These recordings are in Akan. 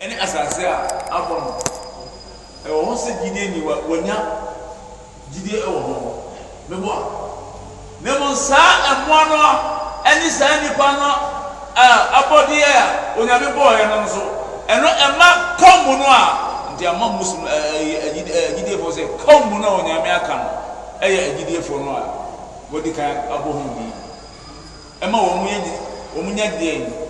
ɛne asase a abɔ no wɔ hɔ sɛ gyidie nyi wa wɔanya gyidie ɛwɔ mɔ no mɛbɔa ne mɔ saa ɛmoa noa ɛne saa nnipa no abɔdeyɛ a ɔ nyame bɔɔeɛ no nso ɛno ɛma kawnmu no a nti ama muagyidie foɔ sɛ kawnmu no a ɔ nyame aka no ɛyɛ agyidiefɔ no a wɔdi kan abɔ hodi ɛma ɔmi wɔ m nya deɛ anyi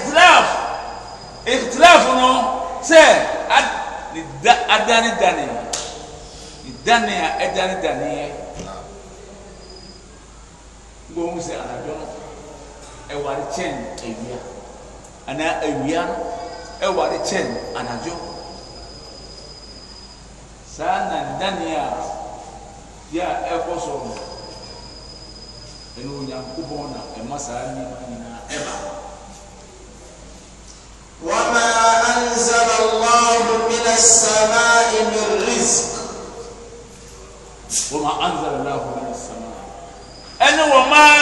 adanidani idani a ɛdanidani yɛ gbɔnwu sɛ anadɔ ɛwari kyɛn ewia anaa ewia ɛwari kyɛn anadɔ saa na dani a yɛ ɛkɔ so no ɛnu onyankobɔn na ɛma saa nneɛma ɛba. wama anzala allahu. السماء من رزق وما أنزل الله من السماء أنا وما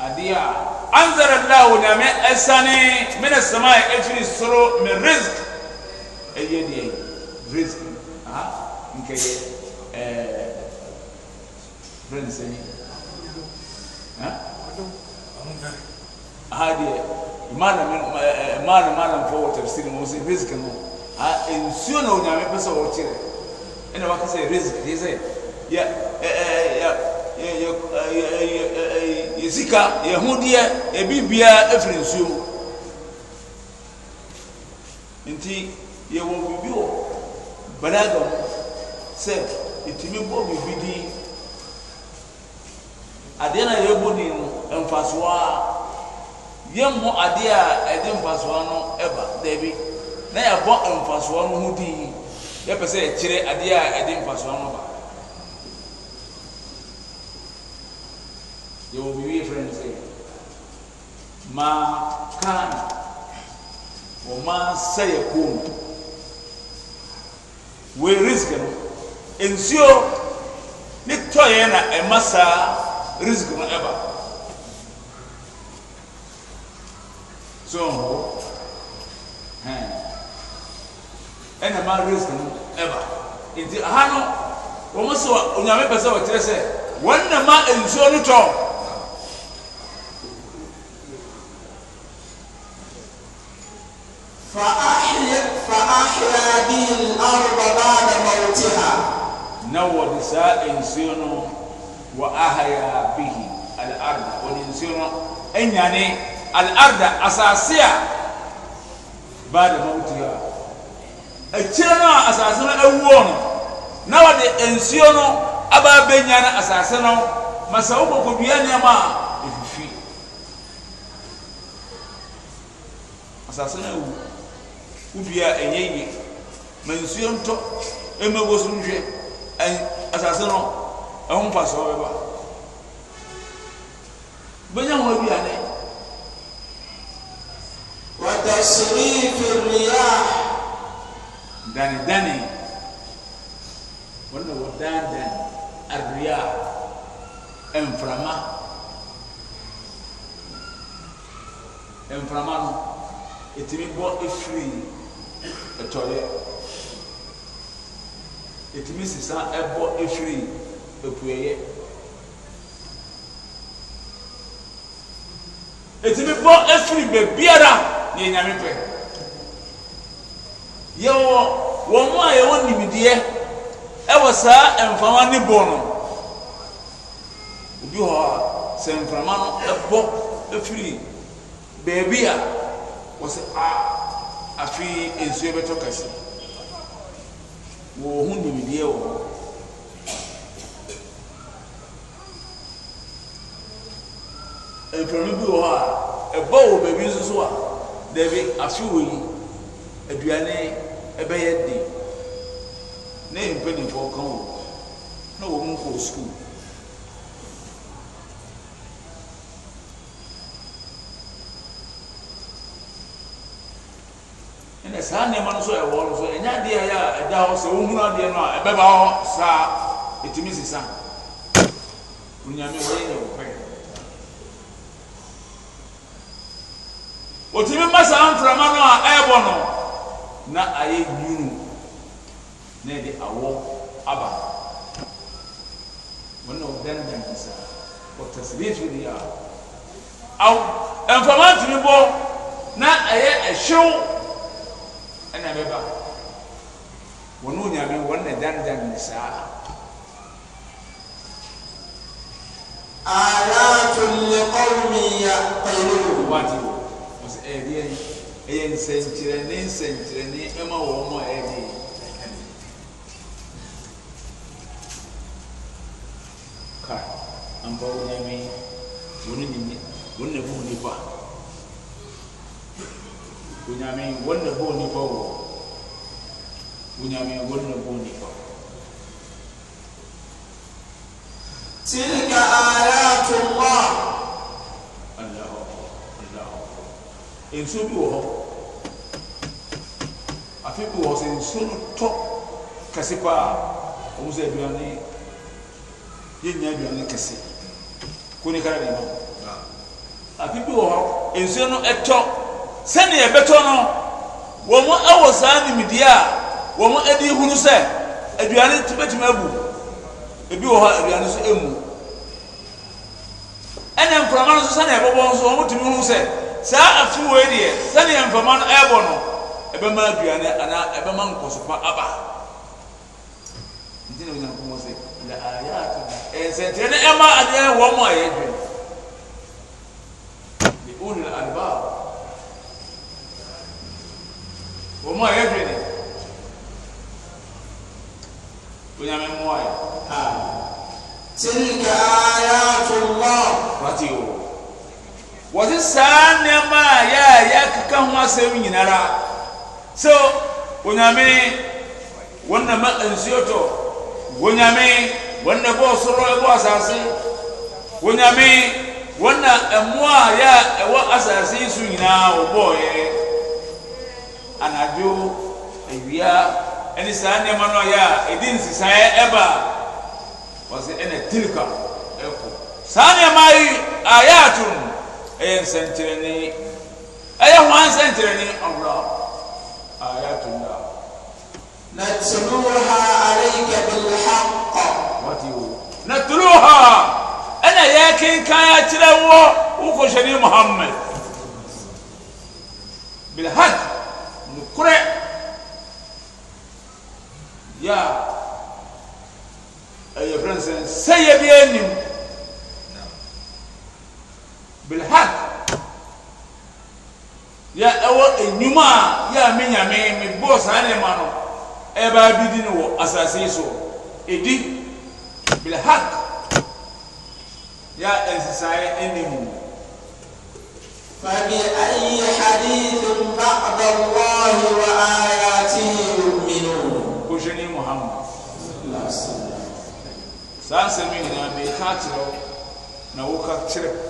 أديا أنزل الله نعم أساني من السماء أجري سرو من رزق أي دي رزق ها نكي فرنسي آه، ها أه؟ أه؟ هذه maana maana maana mfo wa tafsiri mo sɛ riziki no a nsuo na onyame pɛ sɛ wɔkyerɛ ɛna waka sɛ riziki yɛ sɛ yɛ yɛ sika yɛ hodeɛ ebi biara efiri nsuo mu nti yɛwɔ biribi wɔ balaga mu sɛ etumi bɔ biribi din adeɛ na yɛbɔ din no mfasoɔ a yɛmmu adeɛ a ɛde mfasoɔ no ba daabi na yɛabɔ mfasoɔ no ho din yɛpɛ sɛ yɛkyerɛ adeɛ a ɛde mfasoɔ no ba yɛwɔ biribi frɛ no sɛ maa kaana wɔmaa sɛ yɛ kom wei risk no nsuo ne tɔeɛ na ɛma saa risk no ɛba so ɛna ma risk no ɛba nti aha no wɔn sɛ onyame pɛ sɛ wɔkyerɛ sɛ wɔn na ma nsuo no tɔ na wɔde saa nsuo no wɔ ahaya bihi al-ard wɔde nsuo no anyane al'arda asase eh, a ba da mawuti a akyire no a asase no awuo no na wɔde nsuo no aba abɛnya no asase no ma sɛ wobɔkɔdua nneɛma a ɛfifi asase no awu wodua ɛnyɛ yie ma nsuo ntɔ ɛma wɔ so nhwɛ asase no ɛho mfa so ɔbɛba bɛnya ho bi sirifidia danidani wanewɔ dandan adia ɛmframa mframa no itimi bɔ afiri ɔtɔyɛ itimi sisan ɛbɔ afiri apuayɛ itimi bɔ afiri bebiara yɛ nyame pɛ yɛwɔ wɔn a yɛwɔ nimdeɛ ɛwɔ saa mframa ne bɔ no obi hɔ a sɛ mframa no ɛbɔ efiri beebi a wɔsɛ a afei nsuo bɛtɔ kɛse wɔn ho nimdeɛ wɔ hɔ. mframa bi wɔ hɔ a ɛbɔ wɔ baabi nso so a dɛbi afi wɔ yi aduane ɛbɛyɛ de ne mpanyinfoɔ ka wɔ na wɔn mu kɔ sukuu ɛnna saa nneɛma no nso ɛwɔ no nso ɛnyɛ adeɛ a ɛyɛ a ɛda hɔ sɛ wɔhunu adeɛ no a ɛbɛba hɔ saa ɛtumi sisa onyame wɔyɛ yɛ wɔ pɛɛ. saa mframa no a ɛrebɔ no na ayɛ nwunu na yɛde awɔ aba wɔn na wɔdandan te saa wɔtasirifi de a aw mframa ntumi bɔ na ɛyɛ ɛhyew ɛna ɛbɛba wɔn na onyame wɔn na dandan ne saa. آيات لقوم يعقلون ɛdeɛ ɛyɛ nsɛnkyerɛnne nsɛnkyerɛnne ɛma wɔn a ɛde ka ampa wɔn nyame wɔn nyame wɔn na ɛbɔ nipa onyame wɔn na ɛbɔ nipa wɔ onyame wɔn na ɛbɔ nipa. تلك آية nsuo bi wɔ hɔ afi bi wɔ sɛ nsuo no tɔ kɛse paa wɔn sɛ aduane yɛnya aduane kɛse kone kara deɛ ma afi bi wɔ hɔ nsuo no tɔ sɛnea ɛbɛtɔ no wɔn wɔ saa nimdeɛ a wɔn adi hunu sɛ aduane tɛmɛtɛmɛ abu ebi wɔ hɔ aduane nso emu ɛnna nkurama no nso sɛnea ɛbɛbɔ nso wɔn tumi hu sɛ saa afiwee deɛ sɛdeɛ mframa no ɛrebɔ no ɛbɛma aduane anaa ɛbɛma nkɔsopa aba nti na onyankopɔn sɛ la ayaato ɛnsɛnteɛ ne ɛma adeɛ wɔ mo a yɛdwen ne ulil alba wɔ mo a yɛdwene onyame mmoa yɛ تلك آيات الله واتيوه wɔ se saa nneɛma ya yakeka ho asɛm nyina ra so wonyame wɔn nama ansuotɔ wonyame wɔna bɔɔ sorɔ ɛbɔ asase wonyame wana amʋa ya ɛwɔ asase so nyina wobɔɔyɛ anadoo awia ɛne saa nneɛma nɔ ya ɛdi nsi saɛ ɛba wɔse ɛna tilika ɛ ko saa nneɛma ayaaton ɛyɛ nsɛnkyerɛnne ɛyɛ ho ansɛnkyerɛnne ɔwura ayatollah natluha alayka bilhaq watiwo natluha ɛna yɛkenkan akyerɛ wɔ wokɔhyɛne muhammad bilhaq nokorɛ ya ɛyɛ frɛ sɛ sɛyɛ bi anim bilhaq yɛ ɛwɔ enyuma e a yɛ a mi nyame mi bɔ saa nneɛma no ɛbaa e bi di no wɔ asase yi so edi bilhaq yɛ a nsisaeɛ e, mu. فبأي حديث بعد الله وآياته يؤمنون كجني محمد لا سلام سانسمي نعمي كاتلو نوكا تشرب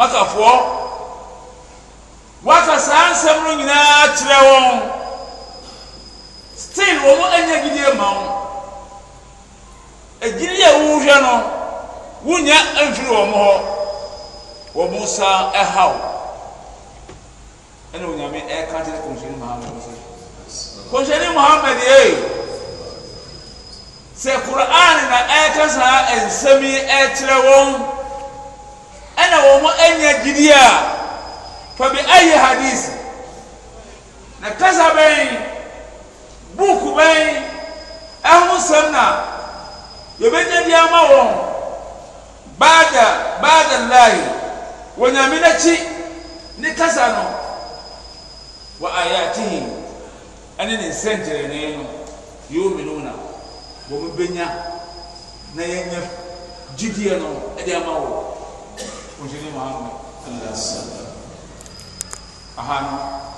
makafoɔ waka saa nsɛm no nyinaa kyerɛ wɔn still wɔn anya gyidie ma wɔn agyiri a wɔrehwɛ no wonya mfiri wɔn hɔ wɔn nsa ɛhaw ɛna onyame ɛka kyerɛ kɔnhyɛni muhammed sɛ kɔnhyɛni muhammed ee eh, sɛ kur'an na ɛka saa nsɛm yi ɛkyerɛ wɔn. wɔmɔ ɛnyɛ gyidia fa bi ayi hadisi na kɛsa bɛ buku bɛ ɛho sɛmna yɛbɛnya diama wɔ bada badallahi wonyami nakyi ne kɛsa nɔ w ayatihim ɛne nesɛngyɛrɛ ne ɛn yominuuna bɔmɔ bɛnya na yɛnya gyidiɛ nɔ adeɛma wɔ Kunjungi maaf Allah SWT Aha,